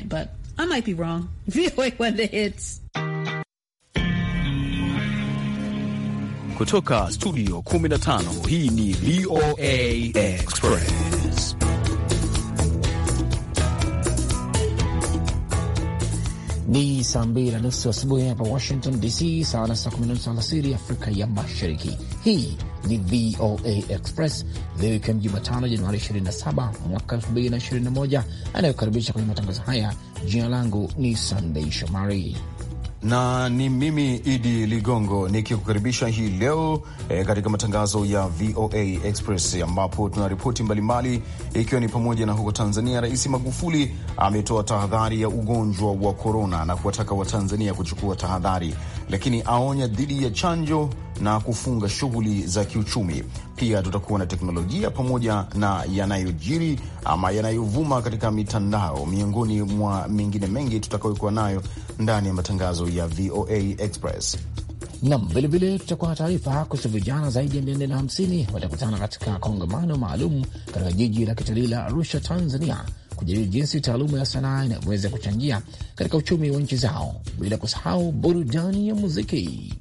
but I might be wrong. VOA when the hits kutoka studio 15. Hii ni VOA Express. ni saa mbili na nusu asubuhi hapa Washington DC, sawa na saa kumi na nusu alasiri Afrika ya Mashariki. Hii ni VOA Express leo ikiwa ni Jumatano, Januari 27 mwaka 2021. Anayokaribisha kwenye matangazo haya, jina langu ni Sandei Shomari na ni mimi Idi Ligongo nikikukaribisha hii leo e, katika matangazo ya VOA Express ambapo tuna ripoti mbalimbali, ikiwa ni pamoja na huko Tanzania, Rais Magufuli ametoa tahadhari ya ugonjwa wa korona na kuwataka Watanzania kuchukua tahadhari lakini aonya dhidi ya chanjo na kufunga shughuli za kiuchumi. Pia tutakuwa na teknolojia pamoja na yanayojiri ama yanayovuma katika mitandao, miongoni mwa mengine mengi tutakayokuwa nayo ndani ya matangazo ya VOA Express. Nam, vilevile tutakuwa na taarifa kuhusu vijana zaidi ya hamsini watakutana katika kongamano maalum katika jiji la kitalii la Arusha, Tanzania kujadili jinsi taaluma ya sanaa inavyoweza kuchangia katika uchumi wa nchi zao, bila kusahau burudani ya muziki.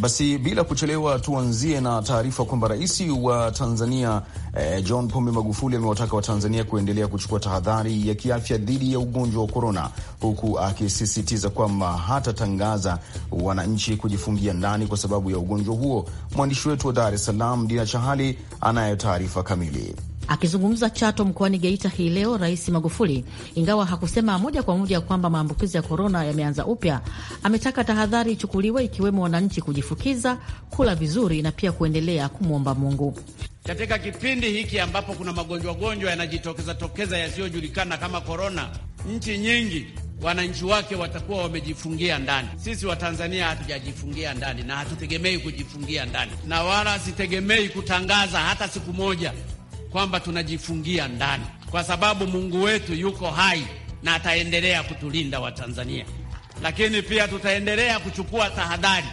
Basi bila kuchelewa, tuanzie na taarifa kwamba rais wa Tanzania eh, John Pombe Magufuli amewataka Watanzania kuendelea kuchukua tahadhari ya kiafya dhidi ya ugonjwa wa korona, huku akisisitiza kwamba hatatangaza wananchi kujifungia ndani kwa sababu ya ugonjwa huo. Mwandishi wetu wa Dar es Salaam, Dina Chahali, anayo taarifa kamili. Akizungumza Chato mkoani Geita hii leo, Rais Magufuli, ingawa hakusema moja kwa moja kwamba maambukizi ya korona yameanza upya, ametaka tahadhari ichukuliwe, ikiwemo wananchi kujifukiza, kula vizuri na pia kuendelea kumwomba Mungu katika kipindi hiki ambapo kuna magonjwa gonjwa yanajitokeza tokeza yasiyojulikana kama korona. Nchi nyingi wananchi wake watakuwa wamejifungia ndani. Sisi Watanzania hatujajifungia ndani na hatutegemei kujifungia ndani, na wala sitegemei kutangaza hata siku moja kwamba tunajifungia ndani, kwa sababu Mungu wetu yuko hai na ataendelea kutulinda Watanzania, lakini pia tutaendelea kuchukua tahadhari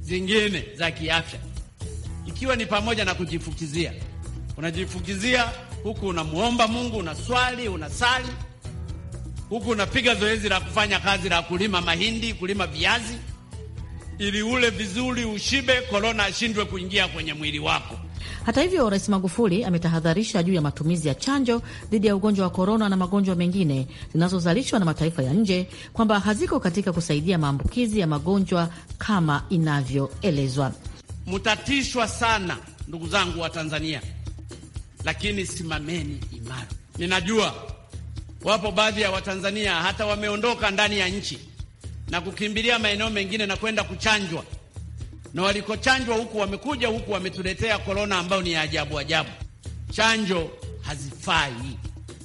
zingine za kiafya, ikiwa ni pamoja na kujifukizia. Unajifukizia huku unamuomba Mungu, unaswali, unasali huku unapiga zoezi la kufanya kazi la kulima mahindi, kulima viazi, ili ule vizuri, ushibe, korona ashindwe kuingia kwenye mwili wako. Hata hivyo, Rais Magufuli ametahadharisha juu ya matumizi ya chanjo dhidi ya ugonjwa wa korona na magonjwa mengine zinazozalishwa na mataifa ya nje kwamba haziko katika kusaidia maambukizi ya magonjwa kama inavyoelezwa. Mutatishwa sana ndugu zangu wa Tanzania, lakini simameni imara. Ninajua wapo baadhi ya Watanzania hata wameondoka ndani ya nchi na kukimbilia maeneo mengine na kwenda kuchanjwa na walikochanjwa huku wamekuja huku wametuletea korona ambayo ni ya ajabu ajabu. Chanjo hazifai.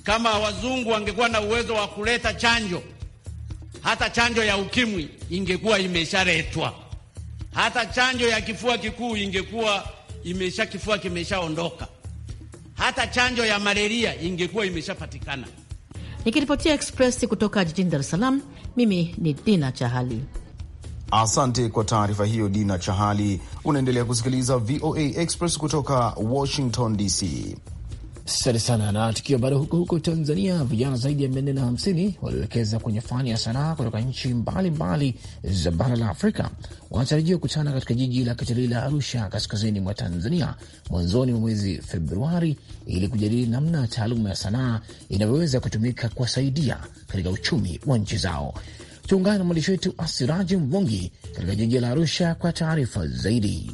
Kama wazungu wangekuwa na uwezo wa kuleta chanjo, hata chanjo ya ukimwi ingekuwa imeshaletwa, hata chanjo ya kifua kikuu ingekuwa imesha kifua kimeshaondoka, hata chanjo ya malaria ingekuwa imeshapatikana. Nikiripotia Express kutoka jijini Dar es Salaam, mimi ni Dina Chahali. Asante kwa taarifa hiyo, Dina Chahali. Unaendelea kusikiliza VOA Express kutoka Washington DC. Asante sana. Na tukiwa bado huko huko Tanzania, vijana zaidi ya mia nne na hamsini waliowekeza kwenye fani ya sanaa kutoka nchi mbalimbali za bara la Afrika wanatarajiwa kukutana katika jiji la kitalii la Arusha, kaskazini mwa Tanzania, mwanzoni mwa mwezi Februari ili kujadili namna taaluma ya sanaa inavyoweza kutumika kuwasaidia katika uchumi wa nchi zao. Tuungane na mwandishi wetu Asiraji Mvungi katika jiji la Arusha kwa taarifa zaidi.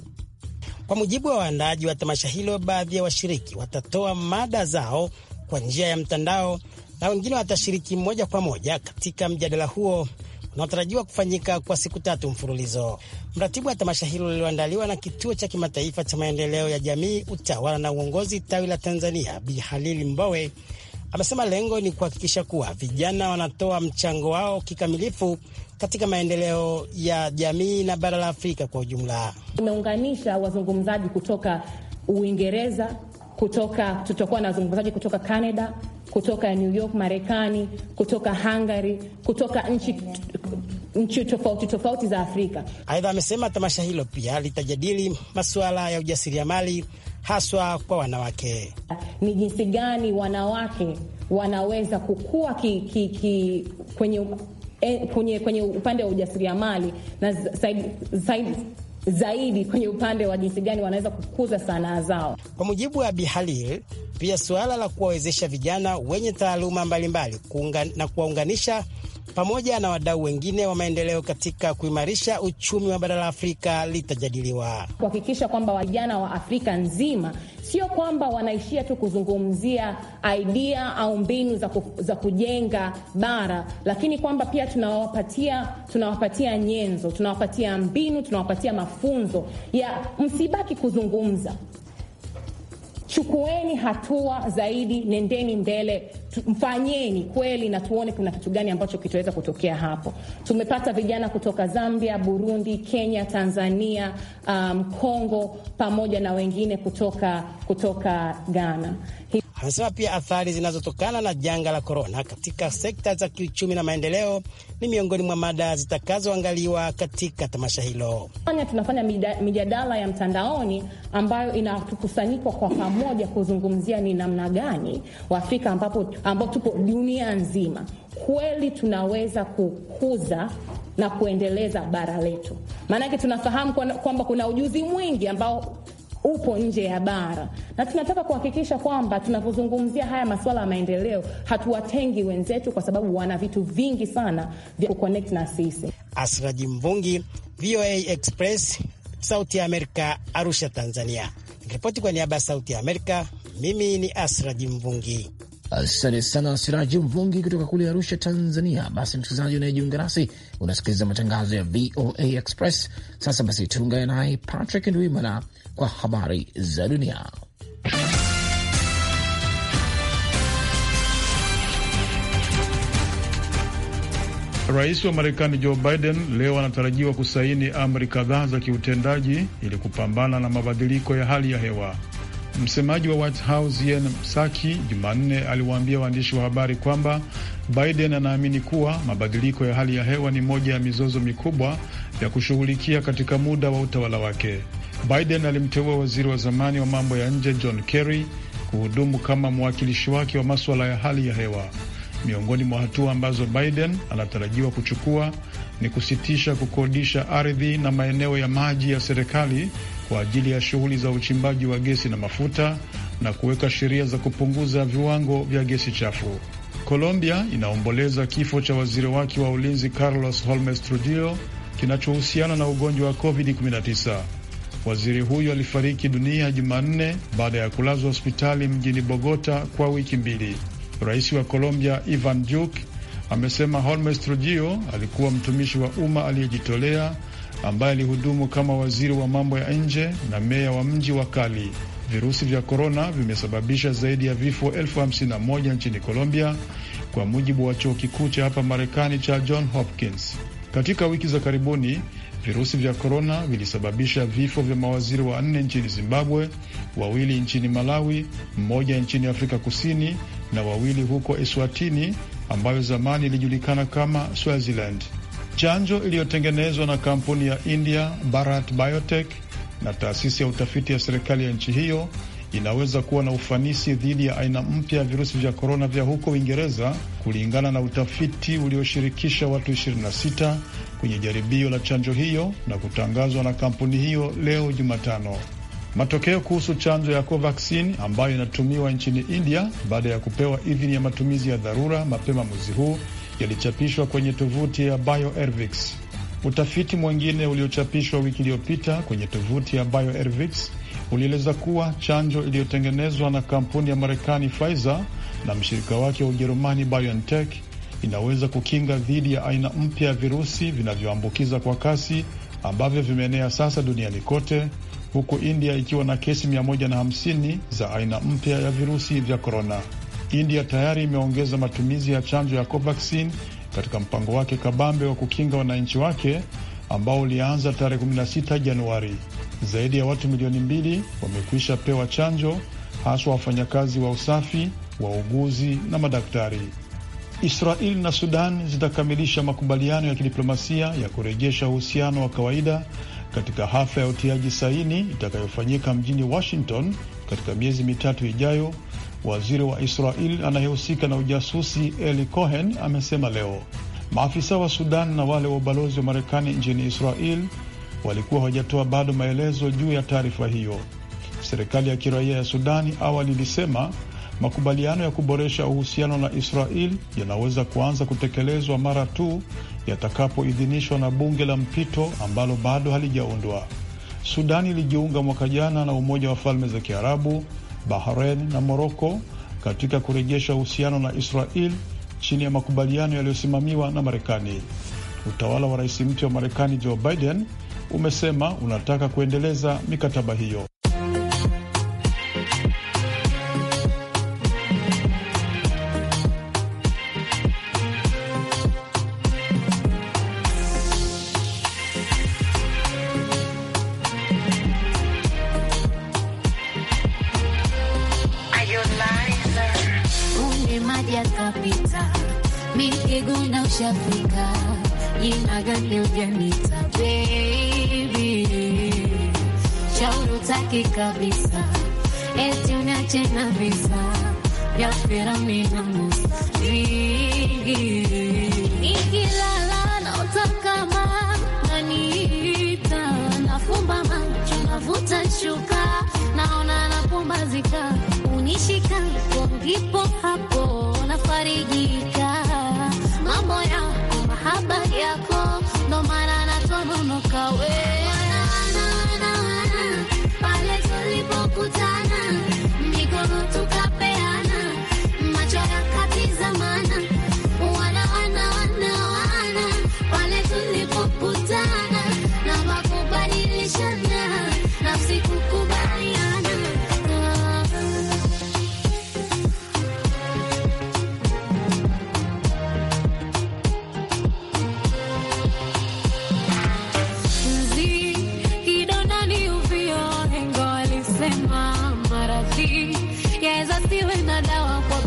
Kwa mujibu wa waandaaji wa tamasha hilo, baadhi ya washiriki watatoa mada zao kwa njia ya mtandao na wengine watashiriki moja kwa moja katika mjadala huo unaotarajiwa kufanyika kwa siku tatu mfululizo. Mratibu wa tamasha hilo lililoandaliwa na Kituo cha Kimataifa cha Maendeleo ya Jamii, Utawala na Uongozi, tawi la Tanzania, Bi Halili Mbowe Amesema lengo ni kuhakikisha kuwa vijana wanatoa mchango wao kikamilifu katika maendeleo ya jamii na bara la Afrika kwa ujumla. Tumeunganisha wazungumzaji kutoka Uingereza, kutoka tutakuwa na wazungumzaji kutoka Canada, kutoka New York Marekani, kutoka Hungary, kutoka nchi nchi tofauti tofauti za Afrika. Aidha, amesema tamasha hilo pia litajadili masuala ya ujasiriamali haswa kwa wanawake. Ni jinsi gani wanawake wanaweza kukua ki, ki, ki, kwenye, e, kwenye, kwenye upande wa ujasiriamali na zaidi, zaidi zaidi kwenye upande wa jinsi gani wanaweza kukuza sanaa zao. Kwa mujibu wa abi Halil, pia suala la kuwawezesha vijana wenye taaluma mbalimbali mbali, na kuwaunganisha pamoja na wadau wengine wa maendeleo katika kuimarisha uchumi wa bara la Afrika litajadiliwa, kuhakikisha kwamba vijana wa Afrika nzima sio kwamba wanaishia tu kuzungumzia idea au mbinu za, ku, za kujenga bara, lakini kwamba pia tunawapatia tunawapatia nyenzo, tunawapatia mbinu, tunawapatia mafunzo ya msibaki kuzungumza, chukueni hatua zaidi, nendeni mbele mfanyeni kweli na tuone kuna kitu gani ambacho kitaweza kutokea hapo. Tumepata vijana kutoka Zambia, Burundi, Kenya, Tanzania, um, pamoja na wengine kutoka, kutoka Ghana anasema pia athari zinazotokana na janga la korona katika sekta za kiuchumi na maendeleo ni miongoni mwa mada zitakazoangaliwa katika tamasha hilo. Tunafanya mijadala ya mtandaoni ambayo inatukusanyikwa kwa pamoja kuzungumzia ni namna gani Waafrika ambapo ambapo tupo dunia nzima kweli tunaweza kukuza na kuendeleza bara letu, maanake tunafahamu kwamba kuna ujuzi mwingi ambao upo nje ya bara, na tunataka kuhakikisha kwamba tunavyozungumzia haya masuala ya maendeleo hatuwatengi wenzetu, kwa sababu wana vitu vingi sana vya kuconnect na sisi. Asraji Mvungi, VOA Express, Sauti ya Amerika, Arusha, Tanzania. Ripoti kwa niaba ya Sauti ya Amerika, mimi ni Asraji Mvungi. Asante sana Siraji Mvungi kutoka kule Arusha, Tanzania. Basi msikilizaji unayejiunga nasi, unasikiliza matangazo ya VOA Express. Sasa basi tuungane naye Patrick Ndwimana kwa habari za dunia. Rais wa Marekani Joe Biden leo anatarajiwa kusaini amri kadhaa za kiutendaji ili kupambana na mabadiliko ya hali ya hewa. Msemaji wa White House Jen Psaki Jumanne aliwaambia waandishi wa habari kwamba Biden anaamini kuwa mabadiliko ya hali ya hewa ni moja ya mizozo mikubwa ya kushughulikia katika muda wa utawala wake. Biden alimteua waziri wa zamani wa mambo ya nje John Kerry kuhudumu kama mwakilishi wake wa maswala ya hali ya hewa. Miongoni mwa hatua ambazo Biden anatarajiwa kuchukua ni kusitisha kukodisha ardhi na maeneo ya maji ya serikali kwa ajili ya shughuli za uchimbaji wa gesi na mafuta na kuweka sheria za kupunguza viwango vya gesi chafu. Colombia inaomboleza kifo cha waziri wake wa ulinzi Carlos Holmes Trujillo kinachohusiana na ugonjwa wa COVID-19. Waziri huyo alifariki dunia Jumanne baada ya kulazwa hospitali mjini Bogota kwa wiki mbili. Rais wa Colombia Ivan Duque amesema Holmes Trujillo alikuwa mtumishi wa umma aliyejitolea ambaye alihudumu kama waziri wa mambo ya nje na meya wa mji wa Cali. Virusi vya korona vimesababisha zaidi ya vifo elfu hamsini na moja nchini Colombia, kwa mujibu wa chuo kikuu cha hapa Marekani cha John Hopkins. Katika wiki za karibuni Virusi vya korona vilisababisha vifo vya mawaziri wanne nchini Zimbabwe, wawili nchini Malawi, mmoja nchini Afrika Kusini na wawili huko Eswatini ambayo zamani ilijulikana kama Swaziland. Chanjo iliyotengenezwa na kampuni ya India Bharat Biotech na taasisi ya utafiti ya serikali ya nchi hiyo inaweza kuwa na ufanisi dhidi ya aina mpya ya virusi vya korona vya huko Uingereza, kulingana na utafiti ulioshirikisha watu 26 kwenye jaribio la chanjo hiyo na kutangazwa na kampuni hiyo leo Jumatano. Matokeo kuhusu chanjo ya Covaxin ambayo inatumiwa nchini India baada ya kupewa idhini ya matumizi ya dharura mapema mwezi huu yalichapishwa kwenye tovuti ya BioErvix. Utafiti mwingine uliochapishwa wiki iliyopita kwenye tovuti ya BioErvix ulieleza kuwa chanjo iliyotengenezwa na kampuni ya Marekani Pfizer na mshirika wake wa Ujerumani BioNTech inaweza kukinga dhidi ya aina mpya ya virusi vinavyoambukiza kwa kasi ambavyo vimeenea sasa duniani kote, huku India ikiwa na kesi 150 za aina mpya ya virusi vya korona. India tayari imeongeza matumizi ya chanjo ya Covaxin katika mpango wake kabambe wa kukinga wananchi wake ambao ulianza tarehe 16 Januari. Zaidi ya watu milioni mbili wamekwisha pewa chanjo, haswa wafanyakazi wa usafi, wauguzi na madaktari. Israel na Sudan zitakamilisha makubaliano ya kidiplomasia ya kurejesha uhusiano wa kawaida katika hafla ya utiaji saini itakayofanyika mjini Washington katika miezi mitatu ijayo. Waziri wa Israel anayehusika na ujasusi Eli Cohen amesema leo. Maafisa wa Sudan na wale wa ubalozi wa Marekani nchini Israel walikuwa hawajatoa bado maelezo juu ya taarifa hiyo. Serikali ya kiraia ya Sudani awali ilisema Makubaliano ya kuboresha uhusiano na Israel yanaweza kuanza kutekelezwa mara tu yatakapoidhinishwa na bunge la mpito ambalo bado halijaundwa. Sudani ilijiunga mwaka jana na Umoja wa Falme za Kiarabu, Bahrain na Moroko katika kurejesha uhusiano na Israel chini ya makubaliano yaliyosimamiwa na Marekani. Utawala wa rais mpya wa Marekani Joe Biden umesema unataka kuendeleza mikataba hiyo.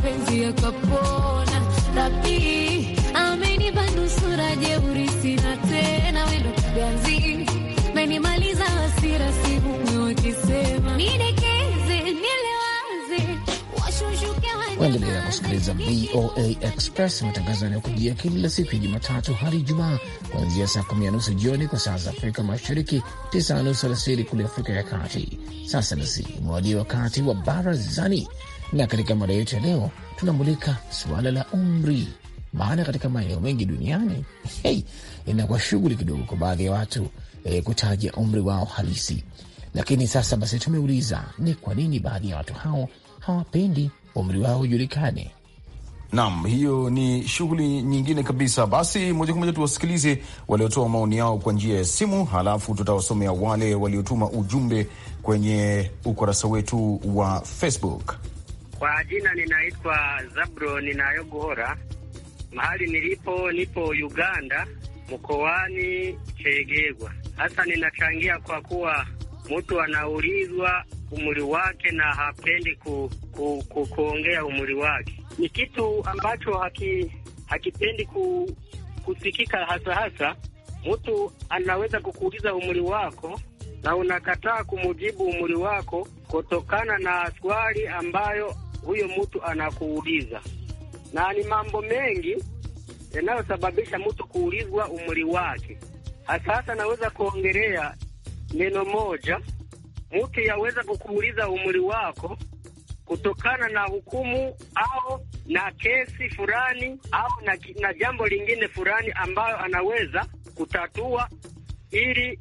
mapenzi yakapona. nusura jeuri, sina tena wendo kiganzi, menimaliza hasira, nidekeze Waendelea kusikiliza VOA Express, matangazo yanayokujia kila siku ya Jumatatu hadi Ijumaa, kuanzia saa kumi na nusu jioni kwa saa za Afrika Mashariki, tisa na nusu alasiri kule Afrika ya Kati. Sasa basi, umewadia wakati wa barazani na katika mada yetu ya leo tunamulika suala la umri, maana katika maeneo mengi duniani hey, inakuwa shughuli kidogo kwa baadhi ya watu eh, kutaja umri wao halisi. Lakini sasa basi, tumeuliza ni kwa nini baadhi ya watu hao hawapendi umri wao ujulikane. Nam, hiyo ni shughuli nyingine kabisa. Basi moja kwa moja tuwasikilize waliotoa maoni yao kwa njia ya simu, halafu tutawasomea wale waliotuma ujumbe kwenye ukurasa wetu wa Facebook. Kwa jina ninaitwa Zabro Ninayogohora. Mahali nilipo nipo Uganda, mkoani Chegegwa. Sasa ninachangia kwa kuwa mtu anaulizwa umri wake na hapendi ku, ku, ku, kuongea umri wake. Ni kitu ambacho haki, hakipendi ku, kusikika, hasa hasa mtu anaweza kukuuliza umri wako na unakataa kumujibu umri wako kutokana na swali ambayo huyo mtu anakuuliza, na ni mambo mengi yanayosababisha mtu kuulizwa umri wake. Hasasa naweza kuongelea neno moja, mtu yaweza kukuuliza umri wako kutokana na hukumu au na kesi fulani au na, na jambo lingine fulani ambayo anaweza kutatua ili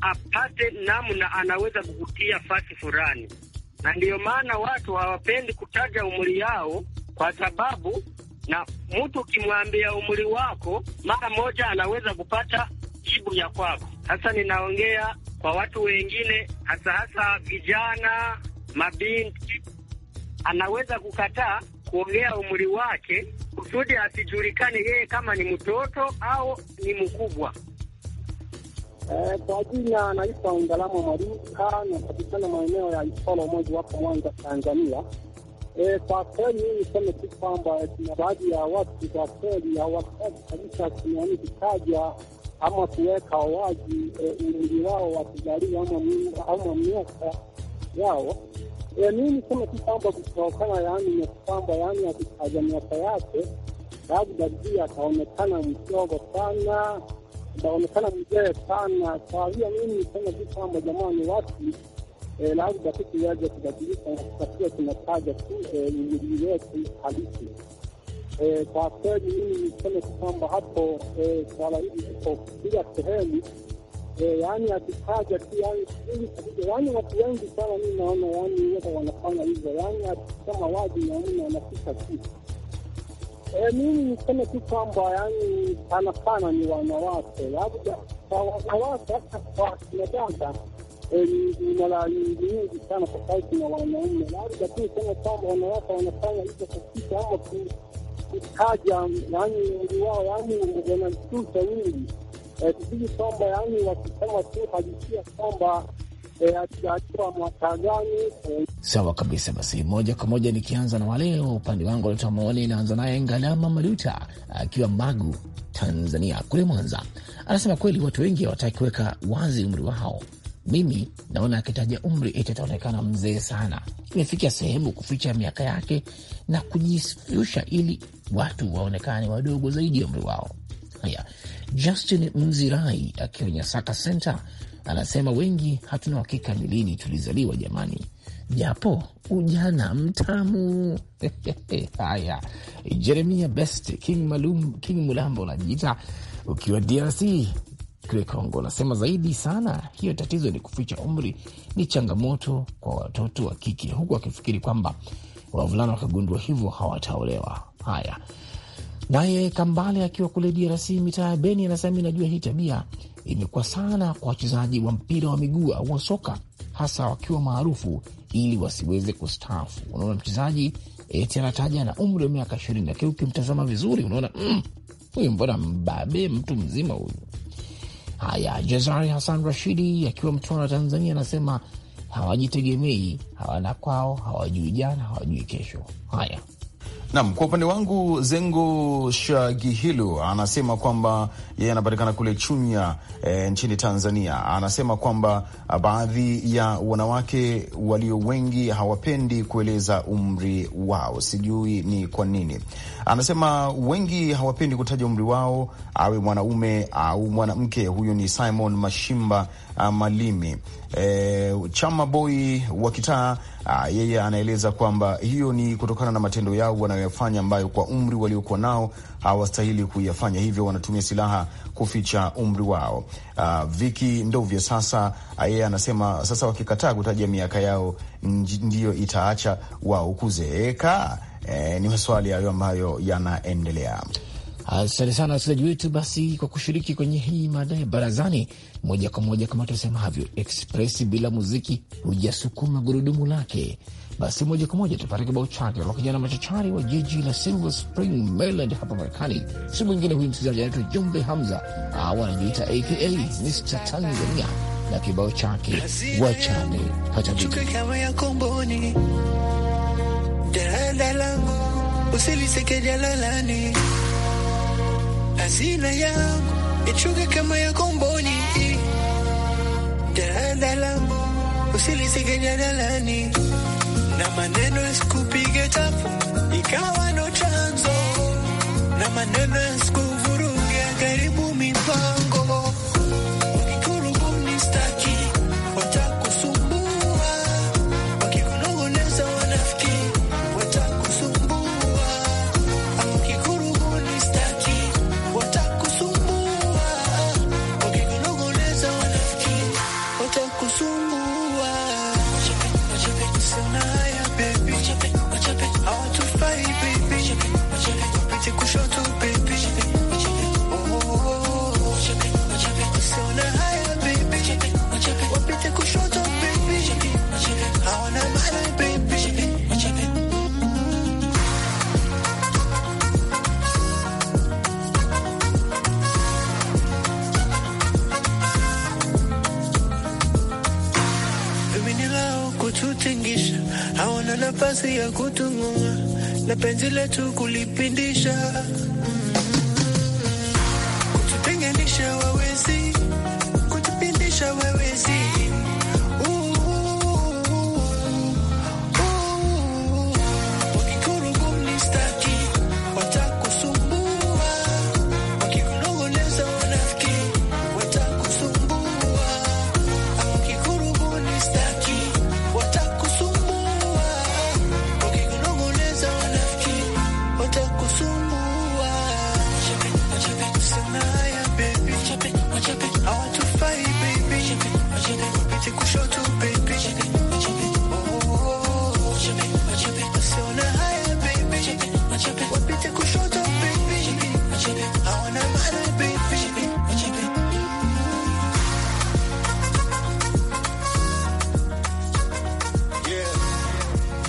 apate namna anaweza kukutia fasi fulani na ndiyo maana watu hawapendi kutaja umri yao, kwa sababu na mtu ukimwambia umri wako mara moja anaweza kupata jibu ya kwako. Sasa ninaongea kwa watu wengine, hasa hasa vijana, mabinti, anaweza kukataa kuongea umri wake kusudi asijulikane yeye kama ni mtoto au ni mkubwa. Eh, kwa jina naitwa Undalama Maduka, napatikana maeneo ya Isolo moja wapo Mwanza, Tanzania. Eh, kwa kweli hii niseme tu kwamba kuna baadhi ya watu kwa kweli hawataki kabisa kinani kutaja ama kuweka wazi eh, umri wao wa kuzaliwa ama miaka yao. Eh, mimi niseme tu kwamba kutokana yaani nakwamba yani yaani akitaja miaka yake labda juu ataonekana mdogo sana inaonekana mzee sana. Kwa hiyo mimi sema tu kwamba jamani, watu eh, labda kitu yaja kubadilika katika tunataja tu mili eh, yetu halisi. Eh, kwa kweli mimi niseme tu kwamba hapo swala hili iko kila sehemu, yaani akitaja tu yaani, yaani watu wengi sana, mi naona yani wote wanafanya hivyo, yani akisema wazi naona yaani wanapika kitu E, mimi niseme tu kwamba yani sana sana ni wanawake, labda yaani, kwa wanawake hata kwa kinadada eh, mara nyingi sana tofauti na wanaume, labda tu niseme kwamba wanawake wanafanya hizo katika ama kutaja yani yaani, mwili wao yani wanamsusa nyingi, tusiji kwamba yani wakisema tu hajisia kwamba Sawa kabisa. Basi moja kwa moja nikianza na wale wa upande wangu walitoa maoni. naanza naye Ngalama Maduta akiwa Magu, Tanzania kule Mwanza, anasema kweli watu wengi hawataki kuweka wazi umri wao. Mimi naona akitaja umri eti ataonekana mzee sana. Imefikia sehemu kuficha miaka yake na kujifyusha ili watu waonekane wadogo zaidi ya umri wao. Haya, Justin Mzirai akiwa Nyasaka Center Anasema wengi hatuna uhakika ni lini tulizaliwa jamani, japo ujana mtamu. Haya, Jeremia Best King Malum, King Mulambo unajiita ukiwa DRC kule Kongo, unasema zaidi sana hiyo tatizo ni kuficha umri, ni changamoto kwa watoto wa kike, huku wakifikiri kwamba wavulana wakagundua hivyo hawataolewa. Haya, naye Kambale akiwa kule DRC mitaa ya Beni anasema inajua hii tabia imekuwa sana kwa wachezaji wa mpira wa miguu au wa soka, hasa wakiwa maarufu ili wasiweze kustaafu. Unaona mchezaji eti anataja na umri wa miaka ishirini, lakini ukimtazama vizuri unaona mm, huyu, mm, mbona mbabe, mtu mzima huyu. Haya, Jezari Hassan Rashidi akiwa Mtwara, Tanzania, anasema hawajitegemei, hawana kwao, hawajui jana, hawajui kesho. Haya. Naam, kwa upande wangu Zengo Shagihilu anasema kwamba yeye anapatikana kule Chunya e, nchini Tanzania. Anasema kwamba ah, baadhi ya wanawake walio wengi hawapendi kueleza umri wao, sijui ni kwa nini. Anasema wengi hawapendi kutaja umri wao, awe mwanaume au mwanamke. Huyu ni Simon Mashimba Malimi. E, Chama boi wa kitaa yeye anaeleza kwamba hiyo ni kutokana na matendo yao wanayoyafanya, ambayo kwa umri waliokuwa nao hawastahili kuyafanya, hivyo wanatumia silaha kuficha umri wao. A, Viki Ndovya sasa yeye anasema sasa wakikataa kutaja miaka yao ndiyo itaacha waukuze eka. E, ni maswali hayo ambayo yanaendelea. Ah, asante sana wasikilizaji wetu, basi kwa kushiriki kwenye hii mada ya barazani moja kwa moja. Kama tusemavyo, express bila muziki hujasukuma gurudumu lake. Basi moja kwa moja tupate kibao chake kwa kijana machachari wa jiji la Silver Spring, Maryland, hapa Marekani. Si mwingine huyu msikilizaji anaitwa Jumbe Hamza au anajiita aka Mr Tanzania na kibao chake wachane hata asila yangu ichuke kama ya komboni, daladala usilisike jadalani na maneno yasikupige tafu ikawa ndo chanzo na maneno yasiku letu kulipindisha, kututenganisha wawezi kutupindisha we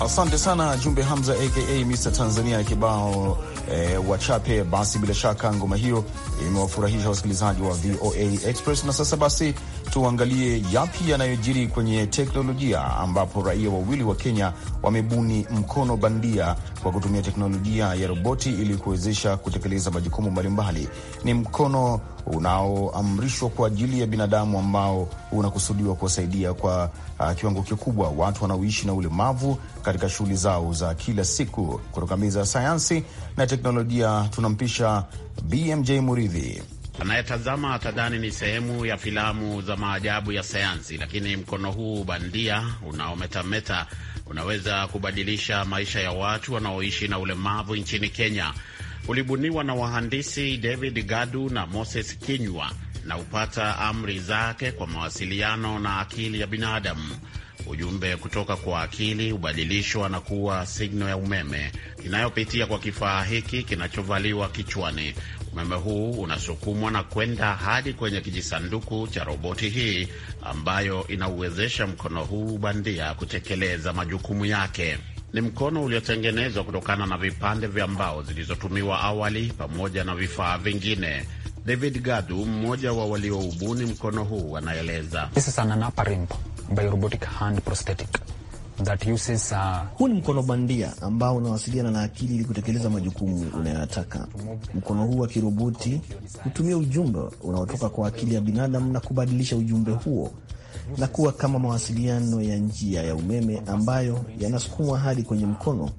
Asante sana Jumbe Hamza aka Mr Tanzania kibao e, wachape. Basi bila shaka ngoma hiyo imewafurahisha wasikilizaji wa VOA Express, na sasa basi tuangalie yapi yanayojiri kwenye teknolojia, ambapo raia wawili wa Kenya wamebuni mkono bandia kwa kutumia teknolojia ya roboti ili kuwezesha kutekeleza majukumu mbalimbali. Ni mkono unaoamrishwa kwa ajili ya binadamu ambao unakusudiwa kuwasaidia kwa uh, kiwango kikubwa watu wanaoishi na ulemavu katika shughuli zao za kila siku. Kutoka meza ya sayansi na teknolojia tunampisha BMJ Muridhi. Anayetazama atadhani ni sehemu ya filamu za maajabu ya sayansi, lakini mkono huu bandia unaometameta unaweza kubadilisha maisha ya watu wanaoishi na ulemavu nchini Kenya. Ulibuniwa na wahandisi David Gadu na Moses Kinywa na upata amri zake kwa mawasiliano na akili ya binadamu. Ujumbe kutoka kwa akili hubadilishwa na kuwa signo ya umeme inayopitia kwa kifaa hiki kinachovaliwa kichwani. Umeme huu unasukumwa na kwenda hadi kwenye kijisanduku cha roboti hii ambayo inauwezesha mkono huu bandia kutekeleza majukumu yake. Ni mkono uliotengenezwa kutokana na vipande vya mbao zilizotumiwa awali pamoja na vifaa vingine. David Gadu, mmoja wa walioubuni mkono huu, anaeleza. This is an that uses, uh... huu ni mkono bandia ambao unawasiliana na akili ili kutekeleza majukumu unayotaka. Mkono huu wa kiroboti hutumia ujumbe unaotoka kwa akili ya binadamu na kubadilisha ujumbe huo na kuwa kama mawasiliano ya njia ya umeme ambayo yanasukumwa hadi kwenye mkono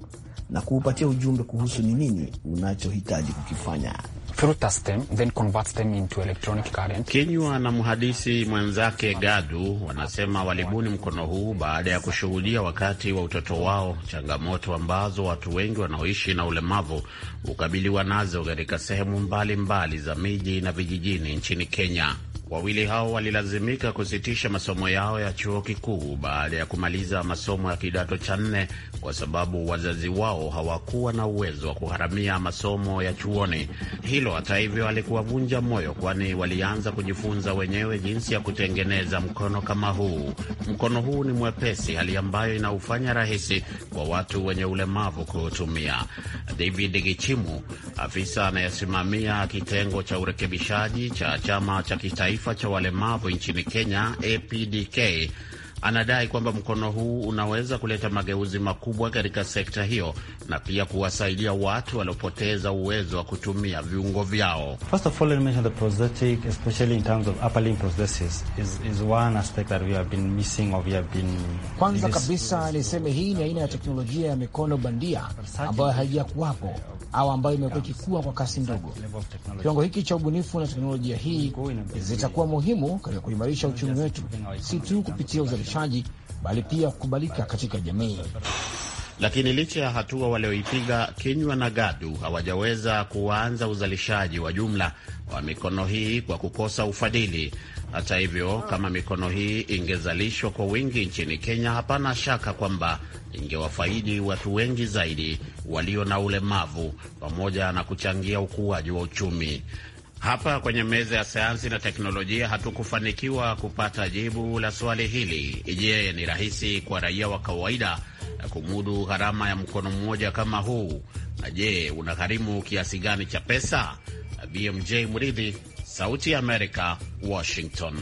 na kuupatia ujumbe kuhusu ni nini unachohitaji kukifanya them, then converts them into electronic current. Kinywa na mhadisi mwenzake Gadu wanasema walibuni mkono huu baada ya kushuhudia wakati wa utoto wao changamoto ambazo watu wengi wanaoishi na ulemavu hukabiliwa nazo katika sehemu mbalimbali za miji na vijijini nchini Kenya. Wawili hao walilazimika kusitisha masomo yao ya chuo kikuu baada ya kumaliza masomo ya kidato cha nne kwa sababu wazazi wao hawakuwa na uwezo wa kuharamia masomo ya chuoni. Hilo hata hivyo alikuwavunja moyo, kwani walianza kujifunza wenyewe jinsi ya kutengeneza mkono kama huu. Mkono huu ni mwepesi, hali ambayo inaufanya rahisi kwa watu wenye ulemavu kuutumia. David Gichimu, afisa anayesimamia kitengo cha urekebishaji cha chama cha kitaifa kitaifa cha Walemavu nchini Kenya, APDK, anadai kwamba mkono huu unaweza kuleta mageuzi makubwa katika sekta hiyo na pia kuwasaidia watu waliopoteza uwezo wa kutumia viungo vyao. Kwanza kabisa niseme hii ni aina ya teknolojia ya mikono bandia ambayo haijakuwapo au ambayo imekuwa ikikua kwa kasi ndogo. Kiwango hiki cha ubunifu na teknolojia hii zitakuwa muhimu katika kuimarisha uchumi wetu, si tu kupitia uzalishaji, bali pia kukubalika katika jamii. Lakini licha ya hatua walioipiga, kinywa na gadu hawajaweza kuanza uzalishaji wa jumla wa mikono hii kwa kukosa ufadhili, hata hivyo, kama mikono hii ingezalishwa kwa wingi nchini Kenya, hapana shaka kwamba ingewafaidi watu wengi zaidi walio na ulemavu pamoja na kuchangia ukuaji wa uchumi. Hapa kwenye meza ya sayansi na teknolojia hatukufanikiwa kupata jibu la swali hili. Je, ni rahisi kwa raia wa kawaida kumudu gharama ya mkono mmoja kama huu? Na je, unagharimu kiasi gani cha pesa? BMJ Mridhi Sauti ya Amerika, Washington.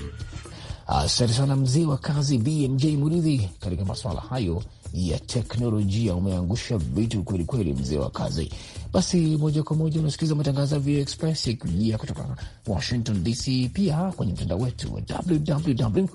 Asante sana mzee wa kazi BMJ Muridhi. Katika masuala hayo ya teknolojia umeangusha vitu kwelikweli, mzee wa kazi. Basi moja kwa moja unasikiliza matangazo ya VOA Express yakijia kutoka Washington DC, pia kwenye mtandao wetu wa www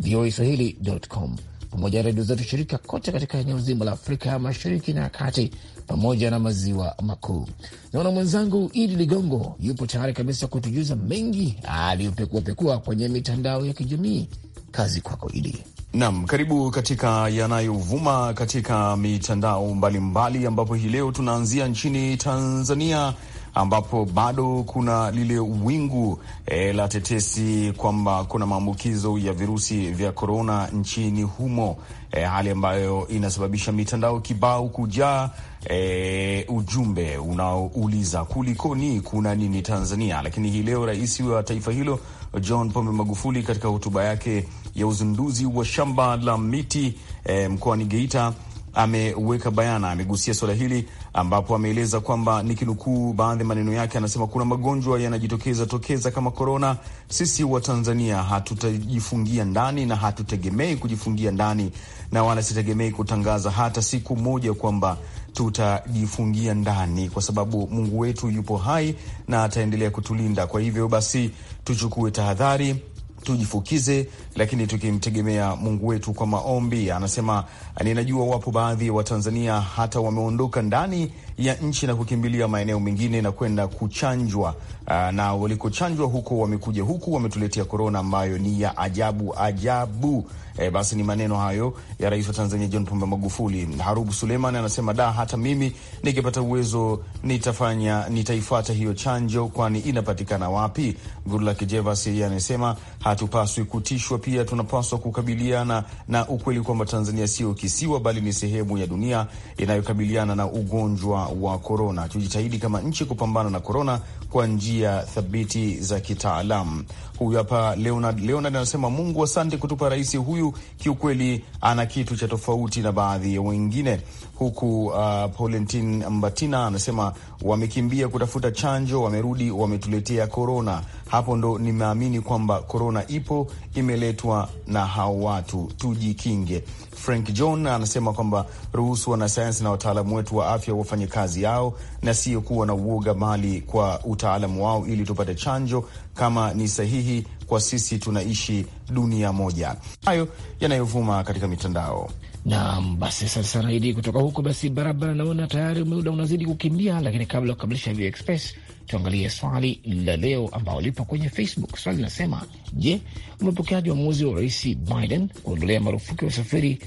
voa com pamoja na redio zetu shirika kote katika eneo zima la Afrika ya Mashariki na ya Kati pamoja na maziwa makuu. Naona mwenzangu Idi Ligongo yupo tayari kabisa kutujuza mengi aliyopekuapekua kwenye mitandao ya kijamii. Kazi kwako Idi. nam karibu katika yanayovuma katika mitandao mbalimbali, ambapo hii leo tunaanzia nchini Tanzania ambapo bado kuna lile wingu e, la tetesi kwamba kuna maambukizo ya virusi vya korona nchini humo e, hali ambayo inasababisha mitandao kibao kujaa e, ujumbe unaouliza kulikoni, kuna nini Tanzania? Lakini hii leo rais wa taifa hilo John Pombe Magufuli katika hotuba yake ya uzinduzi wa shamba la miti e, mkoani Geita ameweka bayana, amegusia suala hili ambapo ameeleza kwamba nikinukuu baadhi ya maneno yake, anasema kuna magonjwa yanajitokeza tokeza kama korona. Sisi wa tanzania hatutajifungia ndani na hatutegemei kujifungia ndani, na wala sitegemei kutangaza hata siku moja kwamba tutajifungia ndani, kwa sababu Mungu wetu yupo hai na ataendelea kutulinda. Kwa hivyo basi tuchukue tahadhari tujifukize lakini tukimtegemea Mungu wetu kwa maombi. Anasema ninajua wapo baadhi ya wa Watanzania hata wameondoka ndani ya nchi na kukimbilia maeneo mengine na kwenda kuchanjwa uh, na walikochanjwa huko wamekuja huku wametuletea korona ambayo ni ya ajabu ajabu. E, basi ni maneno hayo ya Rais wa Tanzania John Pombe Magufuli. Harubu Suleiman anasema da, hata mimi nikipata uwezo nitafanya nitaifuata hiyo chanjo, kwani inapatikana wapi? Goodluck Kijevas yeye anasema hatupaswi kutishwa, pia tunapaswa kukabiliana na ukweli kwamba Tanzania sio kisiwa, bali ni sehemu ya dunia inayokabiliana na ugonjwa wa korona. Tujitahidi kama nchi kupambana na korona kwa njia thabiti za kitaalamu. Huyu hapa Leonard, Leonard anasema Mungu asante kutupa rais huyu, kiukweli ana kitu cha tofauti na baadhi ya wengine huku. Uh, Paulentin Mbatina anasema wamekimbia kutafuta chanjo, wamerudi wametuletea korona. Hapo ndo nimeamini kwamba korona ipo, imeletwa na hao watu, tujikinge. Frank John anasema kwamba ruhusu wanasayansi na wataalamu wetu wa afya wafanye kazi yao na sio kuwa na uoga, bali kwa utaalamu wao, ili tupate chanjo kama ni sahihi, kwa sisi tunaishi dunia moja. Hayo yanayovuma katika mitandao Naam, basi asante sana Idi kutoka huko. Basi barabara, naona tayari muda unazidi kukimbia, lakini kabla ya kukamilisha vio express, tuangalie swali la leo ambao lipo kwenye Facebook. Swali linasema je, umepokeaji uamuzi wa Rais Biden kuondolea marufuku ya usafiri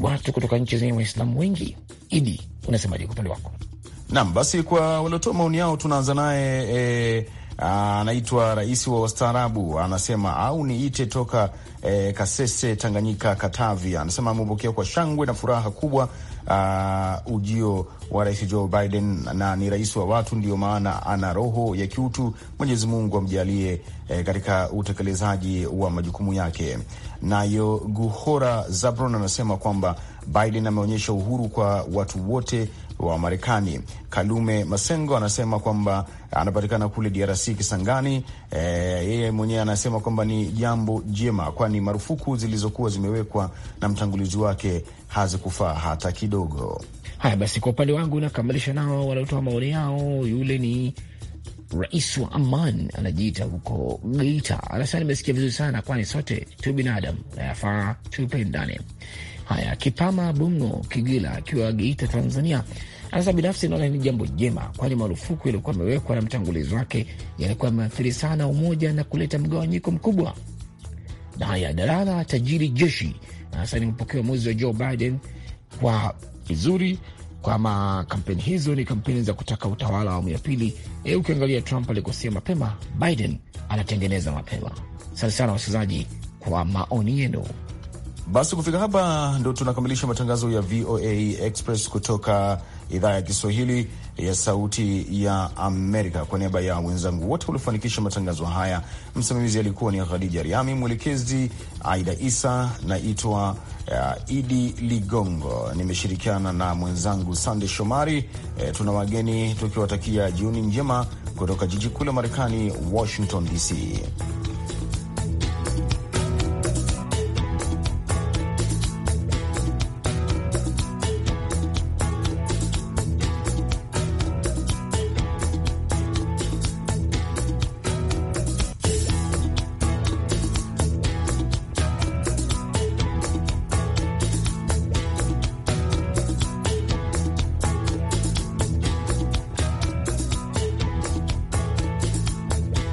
watu kutoka nchi zenye Waislamu wengi? Idi, unasemaje kwa upande wako? Naam, basi kwa waliotoa maoni yao tunaanza naye eh, anaitwa rais wa wastaarabu anasema, au niite toka e, Kasese Tanganyika katavi anasema amepokea kwa shangwe na furaha kubwa uh, ujio wa Rais Joe Biden, na ni rais wa watu, ndio maana ana roho ya kiutu. Mwenyezi Mungu amjalie e, katika utekelezaji wa majukumu yake. Nayo Guhora Zabron anasema kwamba Biden ameonyesha uhuru kwa watu wote wa Marekani. Kalume Masengo anasema kwamba anapatikana kule DRC Kisangani. Eh, yeye mwenyewe anasema kwamba ni jambo jema, kwani marufuku zilizokuwa zimewekwa na mtangulizi wake hazikufaa hata kidogo. Haya basi, kwa upande wangu nakamilisha nao wanaotoa maoni yao. Yule ni rais wa Aman, anajiita huko Geita, anasema nimesikia vizuri sana, kwani sote tu binadamu nayafaa tupendane. Haya, Kipama Bungo Kigila akiwa Geita, Tanzania, anasema binafsi naona ni jambo jema, kwani marufuku yaliyokuwa amewekwa na mtangulizi wake yalikuwa yameathiri sana umoja na kuleta mgawanyiko mkubwa. Na haya, Dalala Tajiri Jeshi anasema nimepokea uamuzi wa Joe Biden kwa vizuri kwama kampeni hizo ni kampeni za kutaka utawala wa awamu ya pili. E, ukiangalia Trump alikosia mapema, Biden anatengeneza mapema. Asante sana wasikilizaji kwa maoni yenu. Basi kufika hapa ndo tunakamilisha matangazo ya VOA Express kutoka idhaa ya Kiswahili ya Sauti ya Amerika. Kwa niaba ya wenzangu wote waliofanikisha matangazo haya, msimamizi alikuwa ni Khadija Riami, mwelekezi Aida Isa. Naitwa uh, Idi Ligongo, nimeshirikiana na mwenzangu Sande Shomari. E, tuna wageni tukiwatakia jioni njema kutoka jiji kuu la Marekani, Washington DC.